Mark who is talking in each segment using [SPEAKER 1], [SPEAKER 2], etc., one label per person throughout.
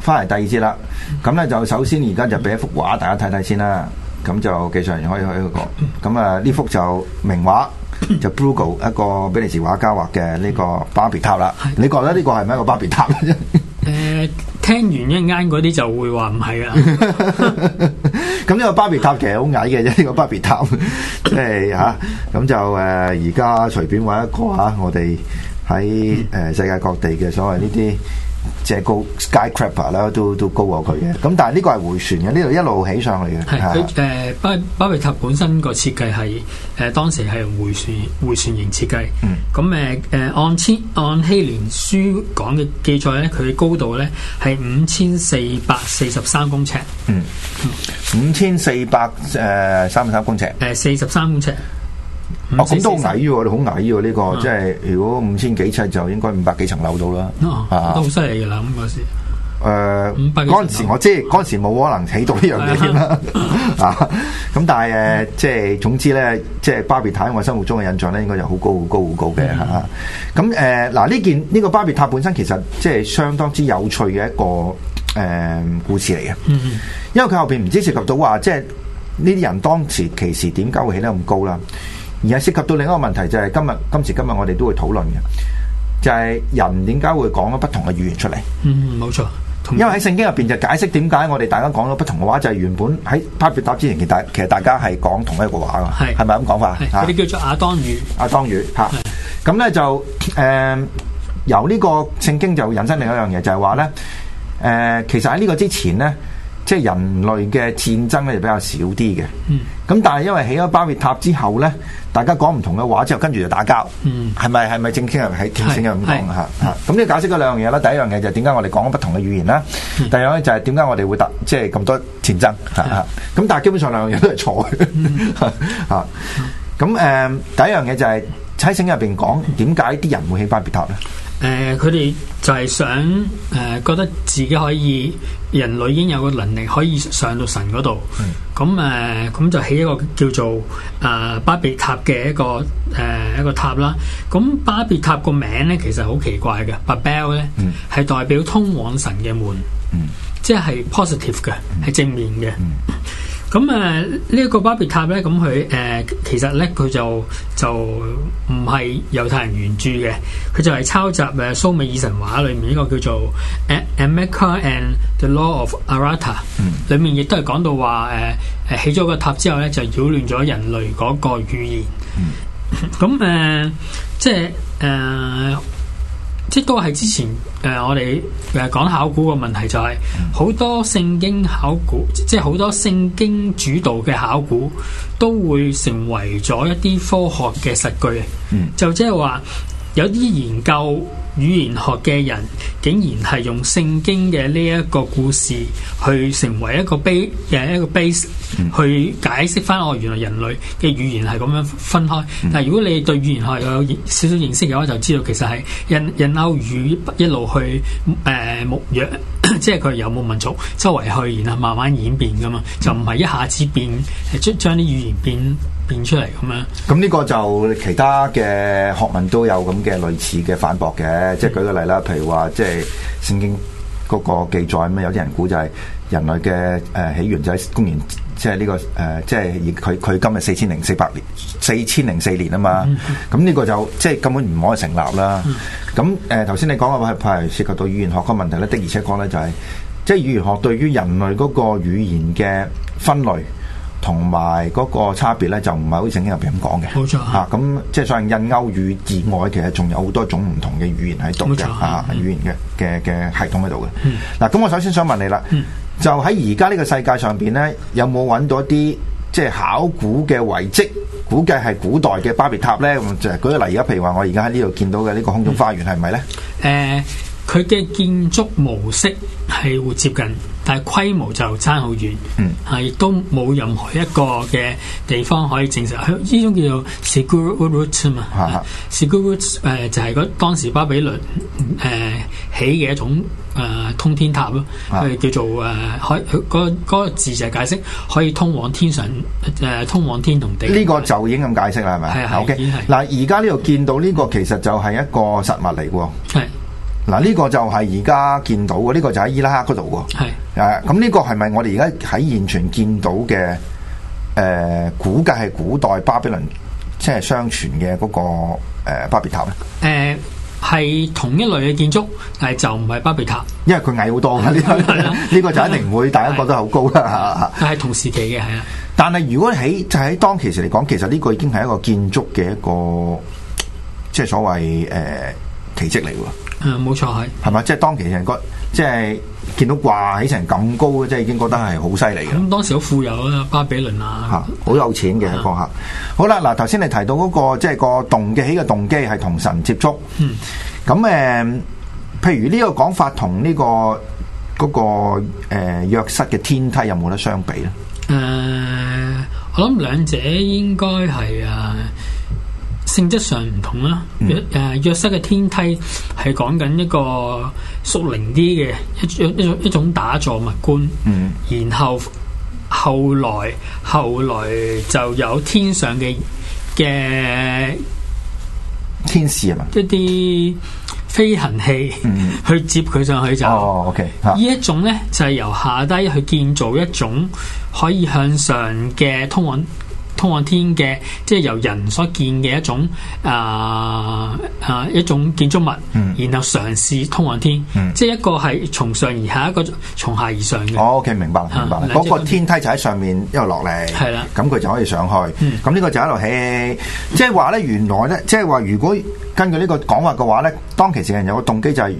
[SPEAKER 1] 翻嚟第二節啦，咁咧就首先而家就俾一幅畫大家睇睇先啦，咁就繼續可以去呢個，咁啊呢幅就名畫，就 Bruegel 一個比利時畫家畫嘅呢個芭比塔啦。你覺得呢個係咪一個芭比塔？誒，
[SPEAKER 2] 聽完一啱嗰啲就會話唔係啊。
[SPEAKER 1] 咁呢個芭比塔其實好矮嘅啫，呢個芭比塔，即係吓咁就誒而家隨便畫一個吓，我哋喺誒世界各地嘅所謂呢啲。即係高 skyscraper 啦，都都高過佢嘅。咁但係呢個係回旋嘅，呢度一路起上嚟嘅。係佢
[SPEAKER 2] 誒，巴巴別塔本身個設計係誒，當時係回旋回旋型設計，嗯嗯。嗯。咁誒誒，按千按希連書講嘅記載咧，佢嘅高度咧係五千四百四十三公尺。嗯、
[SPEAKER 1] 呃。五千四百誒，三十三公尺。
[SPEAKER 2] 誒，四十三公尺。
[SPEAKER 1] 哦，咁都好矮喎，你好矮喎！呢、啊這個即係如果五千幾尺，就應該五百幾層樓到啦。都
[SPEAKER 2] 好犀利噶啦！咁 嗰、 啊、時，誒
[SPEAKER 1] 五百嗰陣時我知，係嗰 時冇可能起到呢樣嘢添啦。咁但係誒，即係總之咧，即係巴別塔，我生活中嘅印象咧，應該就好高、好高、好高嘅嚇。咁、啊、誒，嗱呢件呢個巴別塔本身其實即係相當之有趣嘅一個誒故事嚟嘅。因為佢後邊唔知涉及到話，即係呢啲人當時其時點解會起得咁高啦？而係涉及到另一個問題，就係、是、今日今時今日我哋都會討論嘅，就係、是、人點解會講咗不同嘅語言出嚟？嗯，冇錯，因為喺聖經入邊就解釋點解我哋大家講咗不同嘅話，就係、是、原本喺巴別塔之前其大，其實大家係講同一個話噶，係咪咁講法？係，佢哋叫
[SPEAKER 2] 做亞當語。
[SPEAKER 1] 亞當語吓，咁咧是就誒、呃、由呢個聖經就引申另一樣嘢，就係話咧，誒、呃、其實喺呢個之前咧。即係人類嘅戰爭咧就比較少啲嘅，咁、嗯、但係因為起咗巴別塔之後咧，大家講唔同嘅話之後，跟住就打交，係咪係咪正經人喺聖經入咁講吓，咁呢解釋嗰兩樣嘢啦，第一樣嘢就係點解我哋講咗不同嘅語言啦，第二樣咧就係點解我哋會搭即係咁多戰爭吓？咁是是但係基本上兩樣嘢都係錯嘅吓。咁誒，第一樣嘢就係喺聖經入邊講點解啲人會起巴別塔咧？
[SPEAKER 2] 誒，佢哋、呃、就係想誒、呃，覺得自己可以人類已經有個能力可以上到神嗰度，咁誒的，咁、呃、就起一個叫做誒、呃、巴別塔嘅一個誒、呃、一個塔啦。咁巴別塔個名咧其實好奇怪嘅，嗯、巴 bel 咧係代表通往神嘅門，嗯、即係 positive 嘅，係、嗯、正面嘅。嗯嗯咁誒呢一個巴別塔咧，咁佢誒其實咧佢就就唔係猶太人原著嘅，佢就係抄襲誒蘇美爾神話裏面呢、這個叫做 a《America and the Law of Arata、嗯》裏面亦都係講到話誒誒起咗個塔之後咧，就擾亂咗人類嗰個語言。咁誒、嗯嗯嗯嗯啊、即係誒。啊即都係之前誒、呃、我哋誒、呃、講考古個問題、就係，就係好多聖經考古，即係好多聖經主導嘅考古，都會成為咗一啲科學嘅實據。嗯、就即係話有啲研究語言學嘅人竟然係用聖經嘅呢一個故事去成為一個 base 嘅，嗯、一個 base 去解釋翻我原來人類嘅語言係咁樣分開。但係如果你對語言學有少少認識嘅話，就知道其實係印印歐語一路去誒牧羊，即係佢有冇民族周圍去，然後慢慢演變噶嘛，就唔係一下子變將將啲語言變變出
[SPEAKER 1] 嚟咁樣？咁呢個就其他嘅學問都有咁嘅類似嘅反駁嘅，即係舉個例啦，譬如話即係聖經嗰個記載咁有啲人估就係人類嘅誒起源就喺公元，即係呢個誒，即係佢佢今日四千零四百年，四千零四年啊嘛，咁呢、嗯嗯、個就即係、就是、根本唔可以成立啦。咁誒頭先你講嘅話係涉及到語言學嘅問題咧，的而且確咧就係即係語言學對於人類嗰個語言嘅分類。同埋嗰個差別咧，就唔係好似聖經入邊咁講嘅。冇錯啊！咁即係所謂印歐語以外，其實仲有好多種唔同嘅語言喺度嘅啊，嗯、語言嘅嘅嘅系統喺度嘅。嗱、嗯，咁、啊、我首先想問你啦，嗯、就喺而家呢個世界上邊咧，有冇揾到一啲即係考古嘅遺跡，估計係古代嘅巴別塔咧？咁就舉個例，而家譬如話，我而家喺呢度見到嘅呢個空中花園，係唔係咧？
[SPEAKER 2] 誒，佢嘅、呃、建築模式係會接近。但係規模就差好遠，係亦都冇任何一個嘅地方可以證實。呢種叫做 ziggurat 嘛 ziggurat 誒就係嗰當時巴比倫誒起嘅一種誒通天塔咯，佢係叫做誒可嗰個字就係解釋可以通往天上，誒通往天同
[SPEAKER 1] 地。呢個就已經咁解釋啦，係咪？係係。嗱而家呢度見到呢個其實就係一個實物嚟㗎喎。嗱，呢、這個就係而家見到嘅，呢、這個就喺伊拉克嗰度喎。係是，誒、啊，咁、這、呢個係咪我哋而家喺現場見到嘅？誒、呃，估計係古代巴比倫，即、就、係、是、相傳嘅嗰、那個誒、呃、巴別塔咧。
[SPEAKER 2] 誒、呃，係同一類嘅建築，但係就唔係巴別塔，
[SPEAKER 1] 因為佢矮好多。呢個就一定唔會大家覺得好高啦。但係同時期嘅係啊，但係如果喺就喺、是、當其時嚟講，其實呢個已經係一個建築嘅一個，即係所謂誒。呃奇迹嚟㗎，
[SPEAKER 2] 冇錯係，
[SPEAKER 1] 係咪，即係當其時人覺，即係見到掛起成咁高嘅，即係已經覺得係好犀利嘅。咁、嗯、當
[SPEAKER 2] 時好富有啊，巴比倫啊，
[SPEAKER 1] 吓、啊嗯，好有錢嘅一個吓。好啦，嗱，頭先你提到嗰、那個，即係個動嘅起嘅動機係同神接觸，嗯，咁誒、呃，譬如呢個講法同呢、這個嗰、那個誒、呃、約瑟嘅天梯有冇得相比咧？
[SPEAKER 2] 誒、呃，我諗兩者應該係啊。性質上唔同啦，誒約室嘅天梯係講緊一個宿靈啲嘅一一種一,一種打坐物觀，嗯、然後後來後來就有天上嘅嘅
[SPEAKER 1] 天使啊嘛，
[SPEAKER 2] 一啲飛行器、嗯、去接佢上去就，呢、哦 okay. 一種咧就係、是、由下低去建造一種可以向上嘅通往。通往天嘅，即係由人所建嘅一種啊啊一種建築物，嗯、然後嘗試通往天，嗯、即係一個係從上而下，一個從下而上
[SPEAKER 1] 嘅。哦、o、okay, K 明白，明白。嗰是個天梯就喺上面一路落嚟，係啦的。咁佢就可以上去。咁呢、嗯、個就一路起，即係話咧，原來咧，即係話如果根據呢個講話嘅話咧，當其時人有個動機就係、是。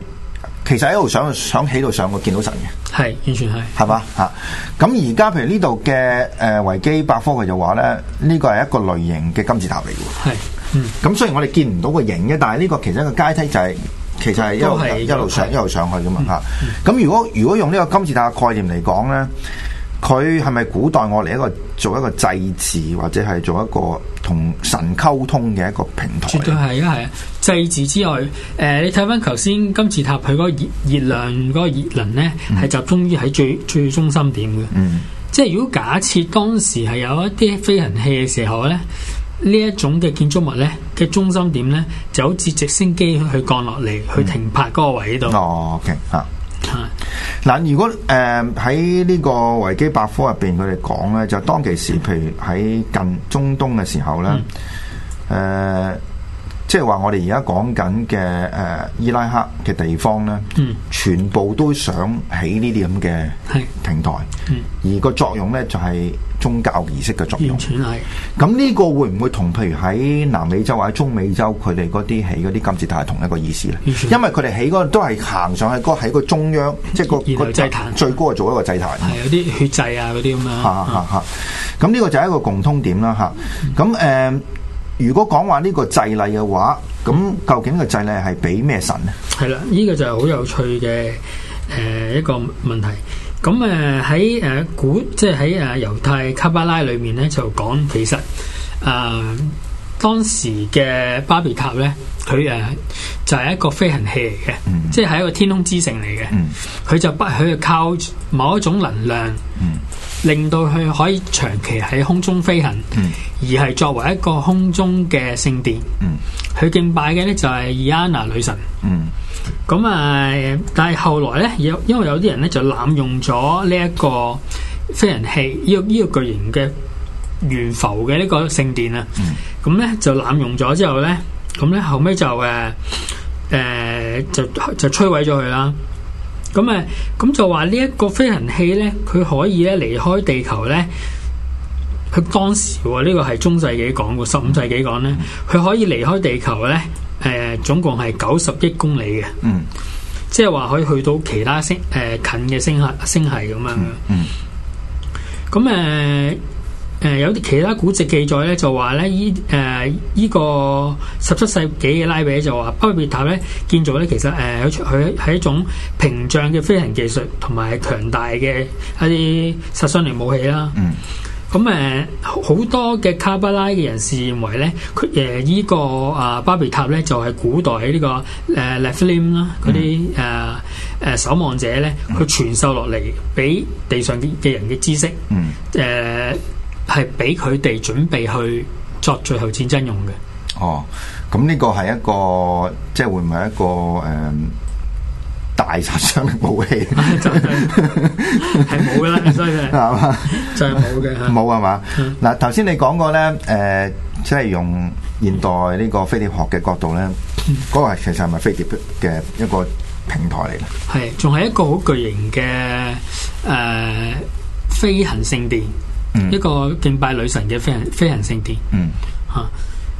[SPEAKER 1] 其實一路上想起度上過見到神嘅，係完全係，係嘛嚇？咁而家譬如呢度嘅誒維基百科佢就話咧，呢個係一個類型嘅金字塔嚟嘅喎，係，嗯。咁雖然我哋見唔到個型嘅，但係呢個其實一個階梯就係、是，其實係一路是一路上的一路上，上去嘅嘛嚇。咁、嗯嗯、如果如果用呢個金字塔嘅概念嚟講咧。佢係咪古代我嚟一個做一個祭祀或者係做一個同神溝通嘅一個平台？絕
[SPEAKER 2] 對係啊，係啊！祭祀之外，誒、呃，你睇翻頭先金字塔佢嗰個熱熱量嗰、嗰個熱能咧，係、嗯、集中於喺最最中心點嘅。嗯，即係如果假設當時係有一啲飛行器嘅時候咧，呢一種嘅建築物咧嘅中心點咧，就好似直升機去降落嚟、嗯、去停
[SPEAKER 1] 泊嗰個位度。哦，OK，吓。嗱，如果誒喺呢個維基百科入邊，佢哋講呢，就是、當其時，譬如喺近中東嘅時候呢，誒、嗯，即係話我哋而家講緊嘅誒伊拉克嘅地方呢，嗯、全部都想起呢啲咁嘅平台，嗯、而個作用呢就係、是。宗教儀式嘅作用。完全係。咁呢個會唔會同，譬如喺南美洲或者中美洲佢哋啲起嗰啲金字塔係同一個意思咧？完全。因為佢哋起嗰個都係行上去嗰個喺個中央，即係個祭壇最高，做一個祭壇。係有啲血祭啊，嗰啲咁樣。嚇嚇嚇！咁呢個就係一個共通點啦，嚇、嗯。咁誒、呃，如果講話呢個祭禮嘅話，咁究竟個祭禮係俾咩神咧？係
[SPEAKER 2] 啦、嗯，呢、呢個就係好有趣嘅誒一個問題。咁誒喺誒古即係喺誒猶太卡巴拉裏面咧，就講其實誒當時嘅巴別塔咧，佢誒就係一個飛行器嚟嘅，即係喺一個天空之城嚟嘅，佢、嗯、就不許靠某一種能量。嗯令到佢可以長期喺空中飛行，而係作為一個空中嘅聖殿，佢敬拜嘅呢就係伊安娜女神。咁啊，但係後來呢，有因為有啲人呢就濫用咗呢一個飛行器，呢呢個巨型嘅懸浮嘅呢個聖殿啊，咁呢就濫用咗之後呢，咁呢後尾就誒誒就就摧毀咗佢啦。咁啊，咁、嗯、就話呢一個飛行器咧，佢可以咧離開地球咧。佢當時喎，呢個係中世紀講個，十五世紀講咧，佢可以離開地球咧。誒、呃，總共係九十億公里嘅，嗯，即係話可以去到其他星誒、呃、近嘅星，星係星係咁啊，嗯，咁誒。嗯嗯誒、呃、有啲其他古籍記載咧，就話咧依誒依個十七世紀嘅拉比就話巴別塔咧，建造咧其實誒佢係一種屏障嘅飛行技術，同埋強大嘅一啲殺傷力武器啦。嗯。咁誒好多嘅卡巴拉嘅人士認為咧，佢誒依個啊巴別塔咧就係、是、古代喺呢、這個誒拉、啊、菲林啦嗰啲誒誒守望者咧，佢傳授落嚟俾地上嘅人嘅知識。嗯。誒、嗯。係俾佢哋準備去作最後戰爭用嘅。
[SPEAKER 1] 哦，咁呢個係一個，即係會唔係一個誒、呃、大殺傷力武器？係冇嘅啦， 所以
[SPEAKER 2] 係 就係冇嘅冇係
[SPEAKER 1] 嘛？嗱， 頭先 你講過咧，誒、呃，即係用現代呢個飛碟學嘅角度咧，嗰、嗯、個其實係咪飛碟嘅一個平台嚟咧？
[SPEAKER 2] 係、嗯，仲係一個好巨型嘅誒飛行聖殿。嗯、一個敬拜女神嘅飛飛行聖殿，吓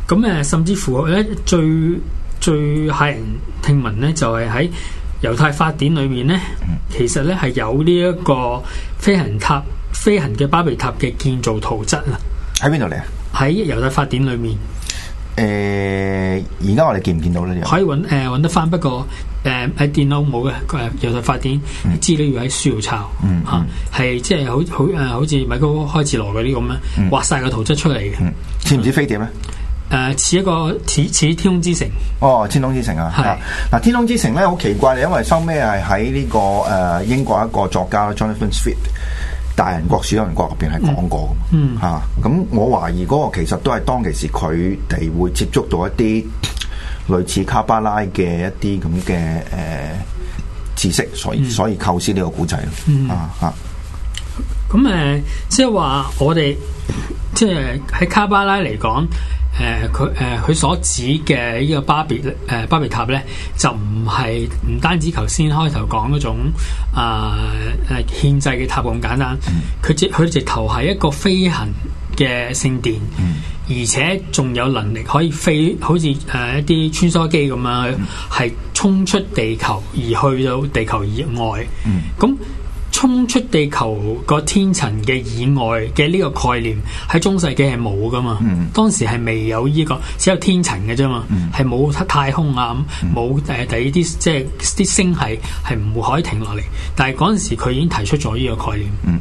[SPEAKER 2] 咁誒，甚至乎咧最最駭人聽聞咧，就係喺猶太法典裏面咧，嗯、其實咧係有呢一個飛行塔、飛行嘅巴比塔嘅建造圖則啦。喺邊度嚟啊？喺猶太法典裏面。
[SPEAKER 1] 誒，而家我哋見唔見到呢？可以
[SPEAKER 2] 揾誒，呃、得翻，不過誒喺、呃、電腦冇嘅，誒、呃嗯、又就發點資料要喺書度抄，吓係、嗯嗯啊、即係好好誒，好似米高個開始羅嗰啲咁咧，畫晒個圖則出嚟嘅，似
[SPEAKER 1] 唔似飛碟咧？誒、呃，似一個似似天空之城，哦城、啊是啊，天空之城啊，係嗱天空之城咧，好奇怪，因為收尾係喺呢個誒、呃、英國一個作家 Jonathan Swift。大人國小人國入邊係講過嘅，嚇咁、嗯啊、我懷疑嗰個其實都係當其時佢哋會接觸到一啲類似卡巴拉嘅一啲咁嘅誒知識，所以所以構思呢個古仔咯，啊、嗯、啊！
[SPEAKER 2] 咁誒、嗯啊呃，即係話我哋 即係喺卡巴拉嚟講。誒佢誒佢所指嘅呢個巴別誒、呃、巴別塔咧，就唔係唔單止頭先開頭講嗰種啊誒限制嘅塔咁簡單，佢直佢直頭係一個飛行嘅聖殿，而且仲有能力可以飛，好似誒一啲穿梭機咁樣，係衝出地球而去到地球以外，咁、嗯。衝出地球個天層嘅以外嘅呢個概念喺中世紀係冇㗎嘛？嗯、當時係未有呢、呢個，只有天層嘅啫嘛，係冇、嗯、太空啊，冇誒、嗯，第二啲即係啲星系係唔可以停落嚟。但係嗰陣時佢已經提出咗呢個概念。
[SPEAKER 1] 誒、嗯，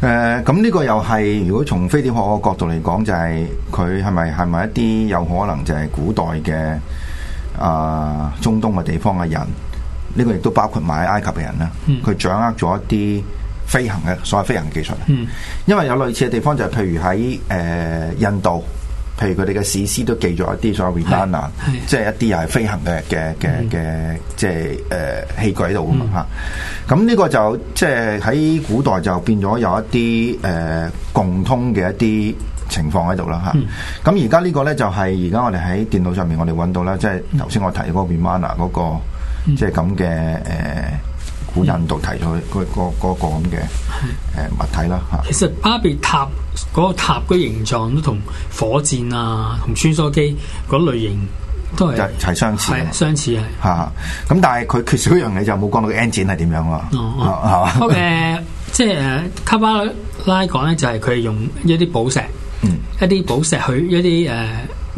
[SPEAKER 1] 咁、呃、呢、呢個又係如果從飛碟學嘅角度嚟講，就係佢係咪係咪一啲有可能就係古代嘅啊、呃、中東嘅地方嘅人？呢個亦都包括埋埃及嘅人啦，佢掌握咗一啲飛行嘅所謂飛行嘅技術。嗯、因為有類似嘅地方就係、是，譬如喺誒、呃、印度，譬如佢哋嘅史詩都記咗一啲所謂 Vimana，即係一啲又係飛行嘅嘅嘅嘅，即係誒器具啊嘛嚇。咁呢個就即係喺古代就變咗有一啲誒、呃、共通嘅一啲情況喺度啦嚇。咁而家呢個咧就係而家我哋喺電腦上面我哋揾到啦，即係頭先我提嗰個 Vimana 嗰、那個。即係咁嘅誒，古印度提咗嗰個咁嘅誒物體啦嚇。是是其
[SPEAKER 2] 實巴別塔嗰個塔嘅形狀都同火箭啊、同穿梭機嗰類型都係係相似，係相似
[SPEAKER 1] 啊嚇。咁但係佢缺少一樣嘢就冇講到個 engine 係點樣喎？係嘛、
[SPEAKER 2] 哦？誒，即係誒卡巴拉講咧，就係佢用一啲寶石，一啲寶石去一啲誒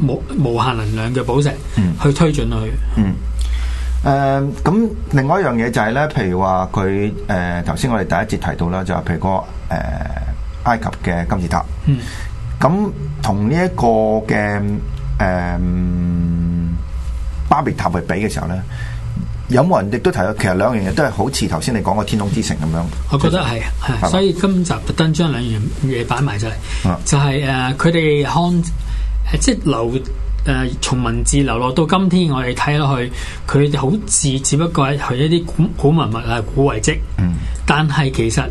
[SPEAKER 2] 無無限能量嘅寶石，去推進佢，嗯。嗯嗯
[SPEAKER 1] 嗯誒咁，另外一樣嘢就係咧，譬如話佢誒頭先我哋第一節提到啦，就係譬如個誒埃及嘅金字塔。嗯。咁同呢一個嘅誒巴別塔去比嘅時候咧，有冇人哋都提到？其實兩樣嘢都係好似頭先你講嘅天空之城咁樣。
[SPEAKER 2] 我覺得係係，所以今集特登將兩樣嘢擺埋出嚟就係，就係誒佢哋看即係樓。誒、呃、從文字流落到今天，我哋睇落去，佢好似只不過係一啲古古文物啊、古遺跡。嗯。但係其實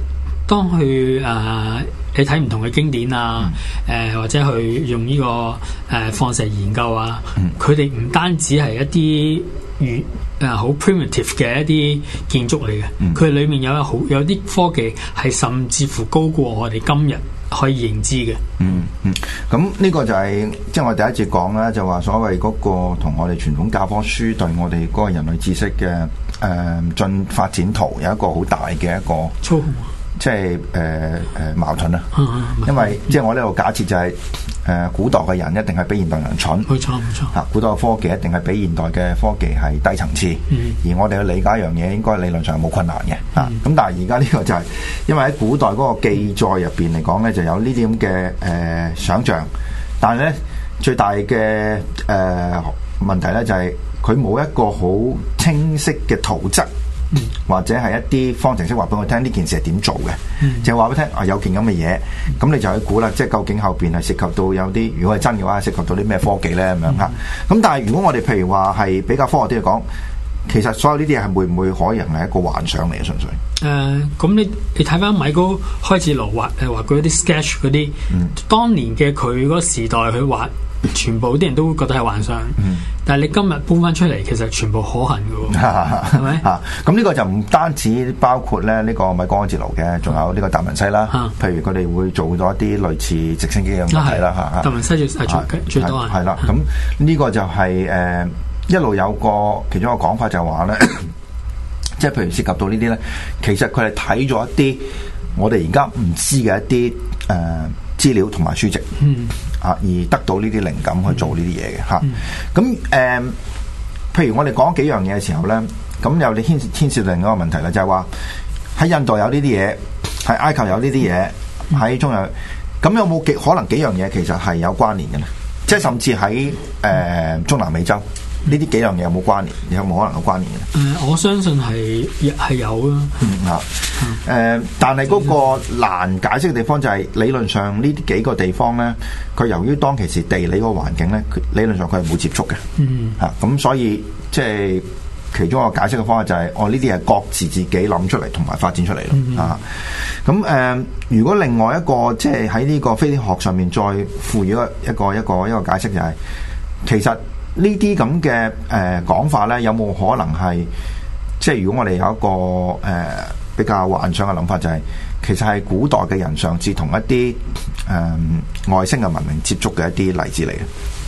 [SPEAKER 2] 當佢誒、呃、你睇唔同嘅經典啊，誒、呃、或者去用呢、這個誒、呃、放射研究啊，佢哋唔單止係一啲越誒好 primitive 嘅一啲建築嚟嘅，佢、嗯、裡面有好有啲科技係甚至乎高過我哋今日。可以認知嘅、嗯，嗯
[SPEAKER 1] 嗯，咁呢個就係、是、即係我第一次講啦，就話所謂嗰個同我哋傳統教科書對我哋嗰個人類知識嘅誒進發展圖有一個好大嘅一個，控即係誒誒矛盾啦，嗯嗯嗯，因為、嗯、即係我呢度假設就係、是。誒古代嘅人一定係比現代人蠢，冇錯冇錯。嚇，古代嘅科技一定係比現代嘅科技係低層次，嗯、而我哋去理解一樣嘢應該理論上冇困難嘅。嚇、嗯，咁、啊、但係而家呢個就係、是、因為喺古代嗰個記載入邊嚟講呢就有呢啲咁嘅誒想像，但係呢，最大嘅誒、呃、問題呢，就係佢冇一個好清晰嘅圖則。或者係一啲方程式話俾我聽呢件事係點做嘅，淨係話俾聽啊有件咁嘅嘢，咁你就去估啦，即係究竟後邊係涉及到有啲，如果係真嘅話，涉及到啲咩科技咧咁、嗯、樣啊？咁但係如果我哋譬如話係比較科學啲嚟講，其實所有呢啲嘢係會唔會可能係一個幻想嚟純粹、
[SPEAKER 2] 呃？誒，咁你你睇翻米高開始畫誒，畫佢啲 sketch 嗰啲，嗯、當年嘅佢嗰個時代去畫。全部啲人都覺得係幻想，嗯、但係你今日搬翻出嚟，其實全部可行嘅
[SPEAKER 1] 喎，係咪 吧？ 啊，咁呢個就唔單止包括咧，呢個米高安哲羅嘅，仲有呢個達文西啦。啊，譬如佢哋會做咗一啲類似直升機嘅物體啦。嚇、啊，是達文西最是最多人啊。啦，咁呢個就係、係、誒、呃、一路有一個其中一個講法就係話咧，即係、 就係、譬如涉及到呢啲咧，其實佢係睇咗一啲我哋而家唔知嘅一啲誒。資料同埋書籍，啊，而得到呢啲靈感去做呢啲嘢嘅嚇。咁、啊、誒、呃，譬如我哋講幾樣嘢嘅時候咧，咁有你牽涉牽涉到另一個問題啦，就係話喺印度有呢啲嘢，喺埃及有呢啲嘢，喺中南，咁有冇幾可能幾樣嘢其實係有關聯嘅咧？即係甚至喺誒、呃、中南美洲。呢啲幾兩樣嘢有冇關聯？有冇可能有關聯嘅？誒、嗯，
[SPEAKER 2] 我相信係係有啊。
[SPEAKER 1] 嚇誒、嗯嗯，但係嗰個難解釋嘅地方就係理論上呢啲幾個地方咧，佢由於當其時地理個環境咧，理論上佢係冇接觸嘅。嗯嚇、嗯，咁、嗯、所以即係、就是、其中一個解釋嘅方法就係、是、我呢啲係各自自己諗出嚟同埋發展出嚟咯。啊、嗯嗯，咁誒、嗯嗯嗯，如果另外一個即係喺呢個飛碟學上面再賦予一個一個一個,一個,一,個一個解釋、就是，就係其實。呢啲咁嘅誒講法呢，有冇可能係即係如果我哋有一個誒、呃、比較幻想嘅諗法、就是，就係其實係古代嘅人嘗試同一啲誒、呃、外星嘅文明接觸嘅一啲例子嚟
[SPEAKER 2] 嘅、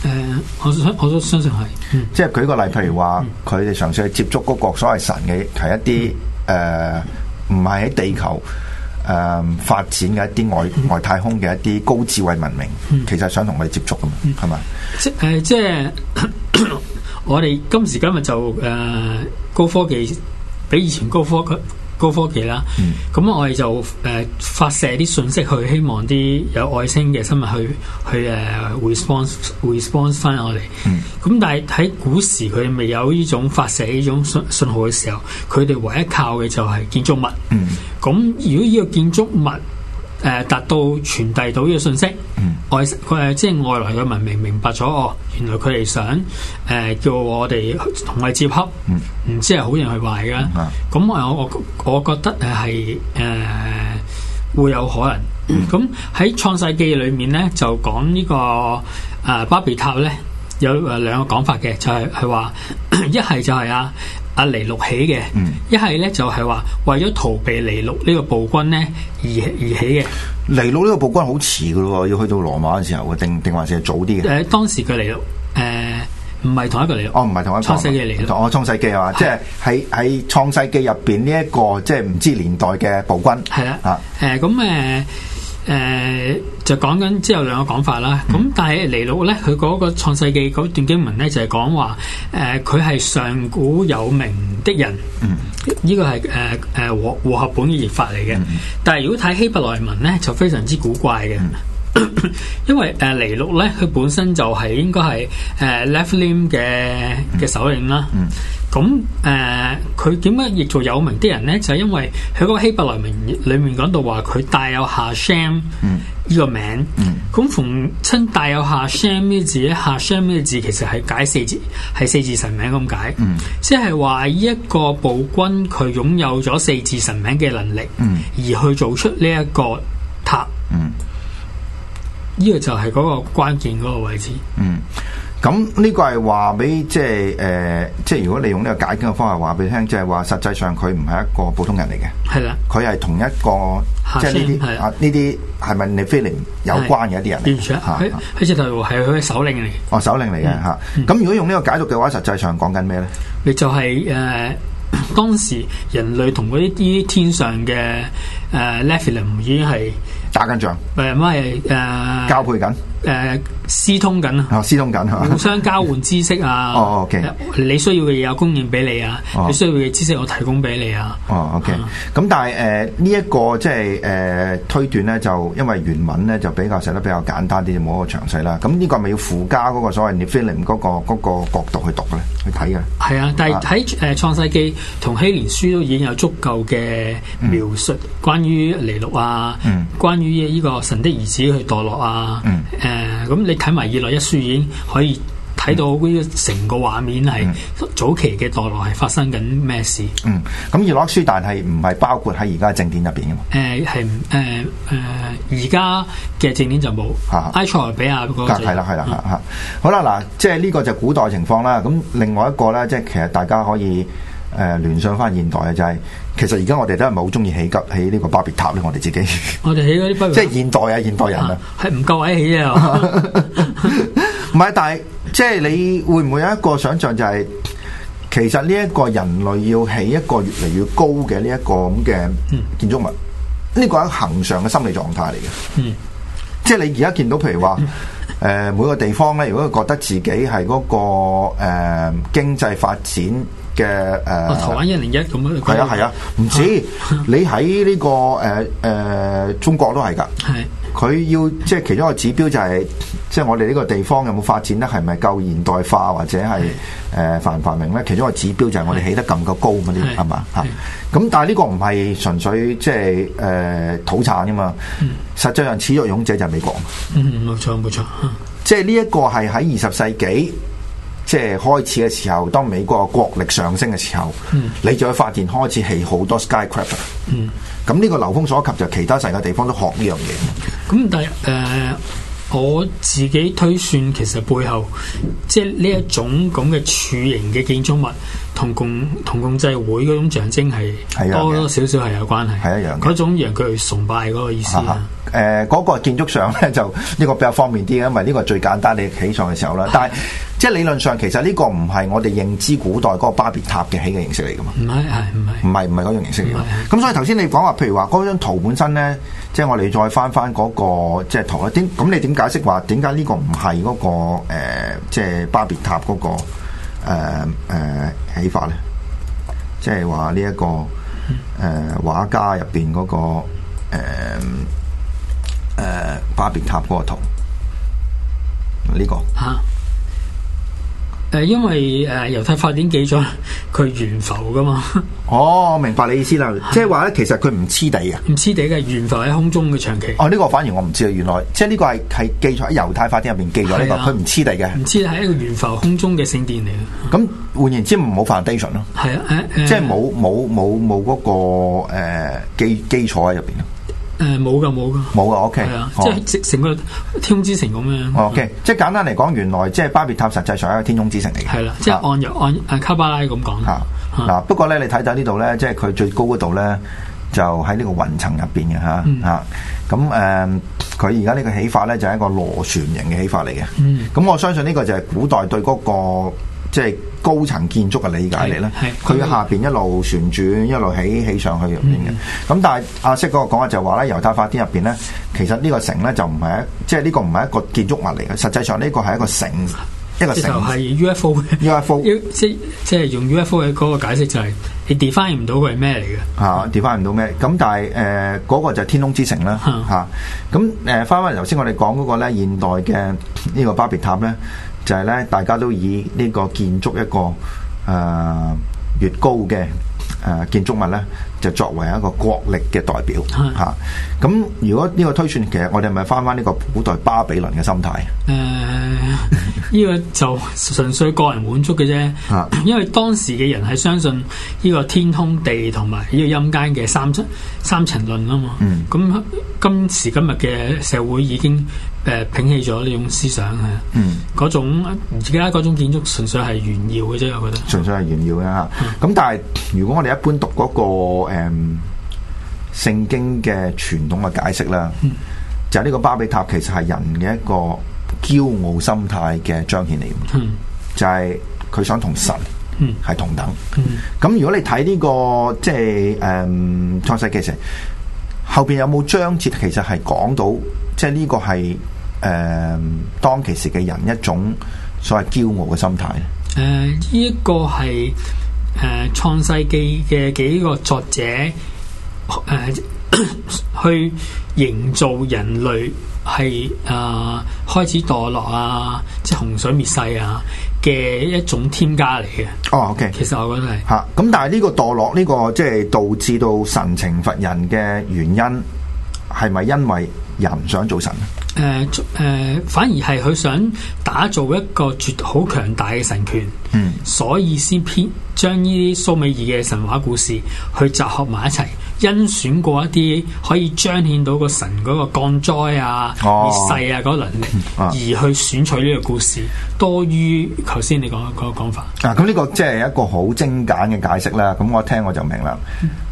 [SPEAKER 2] 呃。我想我都相信係，嗯、
[SPEAKER 1] 即係舉個例，譬如話佢哋嘗試去接觸嗰個所謂神嘅，係一啲誒唔係喺地球。誒、嗯、發展嘅一啲外外太空嘅一啲高智慧文明，嗯、其實係想同我哋接觸㗎嘛？係咪、嗯吧呃？即誒
[SPEAKER 2] 即係我哋今時今日就誒、呃、高科技，比以前高科技。高科技啦，咁、嗯、我哋就誒、uh, 發射啲信息去，希望啲有外星嘅生物去去誒、uh, response response 翻我哋。咁、嗯、但係喺古時佢未有呢種發射呢種信信號嘅時候，佢哋唯一靠嘅就係建築物。咁、嗯、如果呢個建築物，誒達到傳遞到呢個信息，嗯、外誒即係外來嘅文明明白咗哦，原來佢哋想誒、呃、叫我哋同佢接洽，唔、嗯、知係好人係壞嘅。咁、嗯、我我我覺得係誒、呃、會有可能。咁喺、嗯、創世記裏面咧，就講、這個呃、呢個誒巴別塔咧，有誒兩個講法嘅，就係係話一係就係啊，阿尼祿起嘅，一係咧就係話為咗逃避尼祿呢個暴君咧
[SPEAKER 1] 而而起嘅。尼祿呢個暴君好遲噶咯，要去到羅馬嘅時候嘅，定定還是係早啲嘅。
[SPEAKER 2] 誒、呃，當時嘅尼祿，誒、呃，唔係同一個尼祿，哦，唔係同一個。創世紀嘅尼祿，
[SPEAKER 1] 哦，創的世紀啊、這個，即係喺喺創世紀入邊呢一個即係唔知年代嘅暴君。係啦的，啊，
[SPEAKER 2] 誒、呃，咁、呃、誒。呃呃誒、呃、就講緊之後兩個講法啦，咁、嗯、但係尼魯咧，佢嗰個創世記段經文咧就係講話誒佢係上古有名的人，呢、嗯、個係誒誒和和合本嘅譯法嚟嘅。嗯、但係如果睇希伯來文咧，就非常之古怪嘅。嗯嗯咳咳因為誒、呃、尼祿咧，佢本身就係、是呃嗯、應該係誒 Left Lim 嘅嘅首領啦。咁、呃、誒，佢點解亦做有名啲人咧？就係、是、因為佢個希伯來名裏面講到話，佢帶有下 Sham 呢個名。咁逢親帶有下 Sham 呢個字，下 Sham 呢個字其實係解四字，係四字神名咁解。即係話呢一個暴君佢擁有咗四字神名嘅能力，嗯嗯、而去做出呢一個塔。嗯呢個就係嗰個關鍵嗰個位置。
[SPEAKER 1] 嗯，咁呢個係話俾即係誒，即係如果你用呢個解讀嘅方法話俾你聽，即係話實際上佢唔係一個普通人嚟嘅，係啦，佢係同一個即係呢啲啊呢啲係咪尼菲林有關嘅一啲人？嚟
[SPEAKER 2] 全啊，好似就係話係佢嘅首領嚟。
[SPEAKER 1] 哦，首領嚟嘅嚇。咁如果用呢個解讀嘅話，實際上講緊咩咧？你就係
[SPEAKER 2] 誒當時人類同嗰啲啲天上嘅誒已經係。打緊仗，咪係乜嘢？誒交配緊。誒，
[SPEAKER 1] 私通緊啊！私通緊吓，互
[SPEAKER 2] 相交換知識啊！哦，OK，你需要嘅嘢有供應俾你啊，你需要嘅知識我提供俾你啊。
[SPEAKER 1] 哦，OK，咁但係誒呢一個即係誒推斷咧，就因為原文咧就比較寫得比較簡單啲，就冇咁詳細啦。咁呢個咪要附加嗰個所謂 Nephilim 嗰個個角度去讀嘅，去睇
[SPEAKER 2] 嘅。係啊，但係喺誒創世記同希連書都已經有足夠嘅描述，關於尼祿啊，關於呢個神的兒子去墮落啊。誒，咁、嗯、你睇埋《以諾一書》已經可以睇到嗰啲成個畫面係早期嘅墮落係發生
[SPEAKER 1] 緊咩事？嗯，咁、呃《以諾一書》但係唔係包括喺而家嘅正典入邊嘅嘛？
[SPEAKER 2] 誒，係誒誒，而家嘅正典就冇吓，埃塞比亞嗰個係啦係啦
[SPEAKER 1] 吓，好啦嗱，即係呢個就古代情況啦。咁另外一個咧，即係其實大家可以。誒、呃、聯想翻現代嘅就係、是、其實而家我哋都係唔係好中意起急起個呢個巴別塔咧，我哋自己
[SPEAKER 2] 我哋起嗰啲即係現
[SPEAKER 1] 代啊，現代人啊，
[SPEAKER 2] 係唔夠位起啊，
[SPEAKER 1] 唔係，但係即係你會唔會有一個想像就係、是、其實呢一個人類要起一個越嚟越高嘅呢一個咁嘅建築物，呢個係恆常嘅心理狀態嚟嘅。嗯，mm。即係你而家見到，譬如話誒、呃、每個地方咧，如果佢覺得自己係嗰、那個誒、呃、經濟發展。嘅誒、哦，台灣一零一咁樣嘅，係啊係啊，唔止麼你喺呢、這個誒誒、呃、中國都係㗎，係佢的要即係、就是、其中一個指標就係，即係我哋呢個地方有冇發展得係咪夠現代化或者係誒繁唔繁榮咧？其中一個指標就係我哋起得咁唔夠高嗰啲係嘛嚇？咁的、嗯、但係呢個唔係純粹即係誒土產啫嘛，實際上始作俑者就係美國，嗯，
[SPEAKER 2] 冇錯冇錯、嗯，
[SPEAKER 1] 即係呢一個係喺二十世紀。即係開始嘅時候，當美國國力上升嘅時候，嗯、你就會發現開始起好多 skyscraper, s k y c r a p e r 咁呢個流風所及就其他世界地方都學呢樣嘢。
[SPEAKER 2] 咁、嗯、但係誒、呃，我自己推算其實背後，即係呢一種咁嘅柱形嘅建築物，同共
[SPEAKER 1] 同共濟會嗰種象徵係多多少少係有關係。係一樣嗰種讓佢崇拜嗰個意思啊。誒、呃，嗰、嗰個建築上咧就呢、呢個比較方便啲，因為呢個最簡單你起床嘅時候啦，但係。 即係理論上，其實呢個唔係我哋認知古代嗰個巴別塔嘅起嘅形式嚟㗎嘛？唔係是，係唔係？唔係是，唔係嗰種形式嚟嘅。咁是所以頭先你講話，譬如話嗰張圖本身咧，即係我哋再翻翻嗰、那個即係圖咧，點咁你點解釋話點解呢個唔係嗰個即係、呃就是、巴別塔嗰、那個誒、呃呃、起法咧？即係話呢一個誒、呃、畫家入邊嗰個誒誒、呃、巴別塔嗰個圖呢、這個嚇。啊。
[SPEAKER 2] 誒，因為誒猶太法典記咗，佢懸
[SPEAKER 1] 浮噶嘛？哦，我明白你意思啦，的即係話咧，其實佢唔黐地啊，唔黐地嘅懸浮喺空中嘅長期。哦，呢、這個反而我唔知啊，原來即係呢個係係記載喺猶太法典入邊記咗。呢的個，佢唔黐地嘅，唔黐係一個懸浮空中嘅聖殿嚟嘅。咁換言之 ation, 的，冇 foundation 咯，係啊、uh,，即係冇冇冇冇嗰個誒基基礎喺入邊。誒，冇噶冇噶，冇噶。O K，係啊，即係成個天空
[SPEAKER 2] 之城咁樣。O okay , K，的即
[SPEAKER 1] 係簡單嚟講，原來即係巴別塔實際上係一個天空之城嚟嘅。係啦，即係
[SPEAKER 2] 按按卡巴拉咁講。吓
[SPEAKER 1] 嗱、啊，啊、不過咧你睇睇呢度咧，即係佢最高嗰度咧，就喺呢個雲層入邊嘅吓吓。咁誒、嗯，佢而家呢個起法咧就係、是、一個螺旋形嘅起法嚟嘅。咁、嗯、我相信呢個就係古代對嗰、那個。即係高層建築嘅理解嚟咧，佢下邊一路旋轉，一路起起上去入邊嘅。咁、嗯、但係阿色嗰個講話就話咧，猶太法典入邊咧，其實呢個城咧就唔係一，即係呢個唔係一個建築物嚟嘅。實際上呢個係一個城，
[SPEAKER 2] 一個城就係 UFO 嘅 UFO，即即係用 UFO 嘅嗰個解釋就係、
[SPEAKER 1] 是、你 define 唔到佢係咩嚟嘅嚇 define 唔到咩？咁但係誒嗰個就係天空之城啦嚇。咁誒翻翻頭先我哋講嗰個咧現代嘅呢個巴別塔咧。就係咧，大家都以呢個建築一個誒、呃、越高嘅誒、呃、建築物咧，就作為一個國力嘅代表嚇。咁的、啊、如果呢個推算，其實我哋咪翻翻呢個古代巴比倫嘅心態。
[SPEAKER 2] 誒、呃，呢、這個就純粹個人滿足嘅啫。的因為當時嘅人係相信呢個天空地同埋呢個陰間嘅三層三層論啊嘛。咁、嗯、今時今日嘅社會已經。誒，摒棄咗呢種思想啊，嗰、嗯、種而家嗰種建築純粹係炫耀嘅啫，我覺得
[SPEAKER 1] 純粹係炫耀嘅吓。咁、嗯、但係如果我哋一般讀嗰、嗰個誒聖、嗯、經嘅傳統嘅解釋啦，嗯、就係呢個巴比塔其實係人嘅一個驕傲心態嘅彰顯嚟、嗯、就係佢想同神係同等。咁、嗯嗯、如果你睇呢、呢個即係誒創世記承，後邊有冇章節其實係講到即係呢個係。誒、嗯，當其時嘅人一種所謂驕傲嘅心態。誒、
[SPEAKER 2] 呃，呢、這、一個係誒創世紀嘅幾個作者誒、呃、去營造人類係誒、呃、開始墮落啊，即係洪水滅世啊嘅一種添加嚟嘅。哦，OK，其實我覺得係
[SPEAKER 1] 吓。咁、啊、但係呢個墮落呢、這個即係導致到神懲罰人嘅原因。係咪因為人想做神？
[SPEAKER 2] 誒誒、呃呃，反而係佢想打造一個絕好強大嘅神權。嗯，所以先編將呢啲蘇美爾嘅神話故事去集合埋一齊，因選過一啲可以彰顯到個神嗰個降災啊、滅世、哦、啊嗰能力，而去選取呢個故事，多於頭先你講嗰個講法。
[SPEAKER 1] 啊，咁呢個即係一個好精簡嘅解釋啦。咁我聽我就明啦。嗯嗯嗯嗯嗯嗯嗯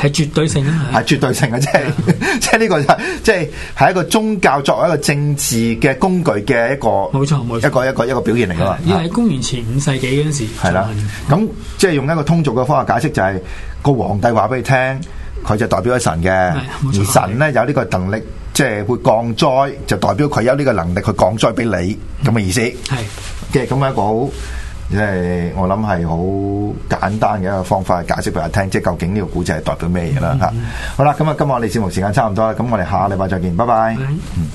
[SPEAKER 1] 係絕對性啊！係絕對性嘅，即係即係呢個就即係係一個宗教作為一個政治嘅工具嘅一個冇錯冇錯，一個一個一個表現嚟噶啦，而喺公元前五世紀嗰陣時係啦，咁即係用一個通俗嘅方法解釋就係個皇帝話俾你聽，佢就代表咗神嘅，而神咧有呢個能力，即係會降災，就代表佢有呢個能力去降災俾你咁嘅意思，係嘅，即係咁樣一個好。即係我諗係好簡單嘅一個方法解釋俾我聽，即係究竟呢個故事係代表咩嘢啦吓。嗯嗯，好啦，咁啊，今日我哋節目時間差唔多啦，咁我哋下禮拜再見，拜拜。嗯嗯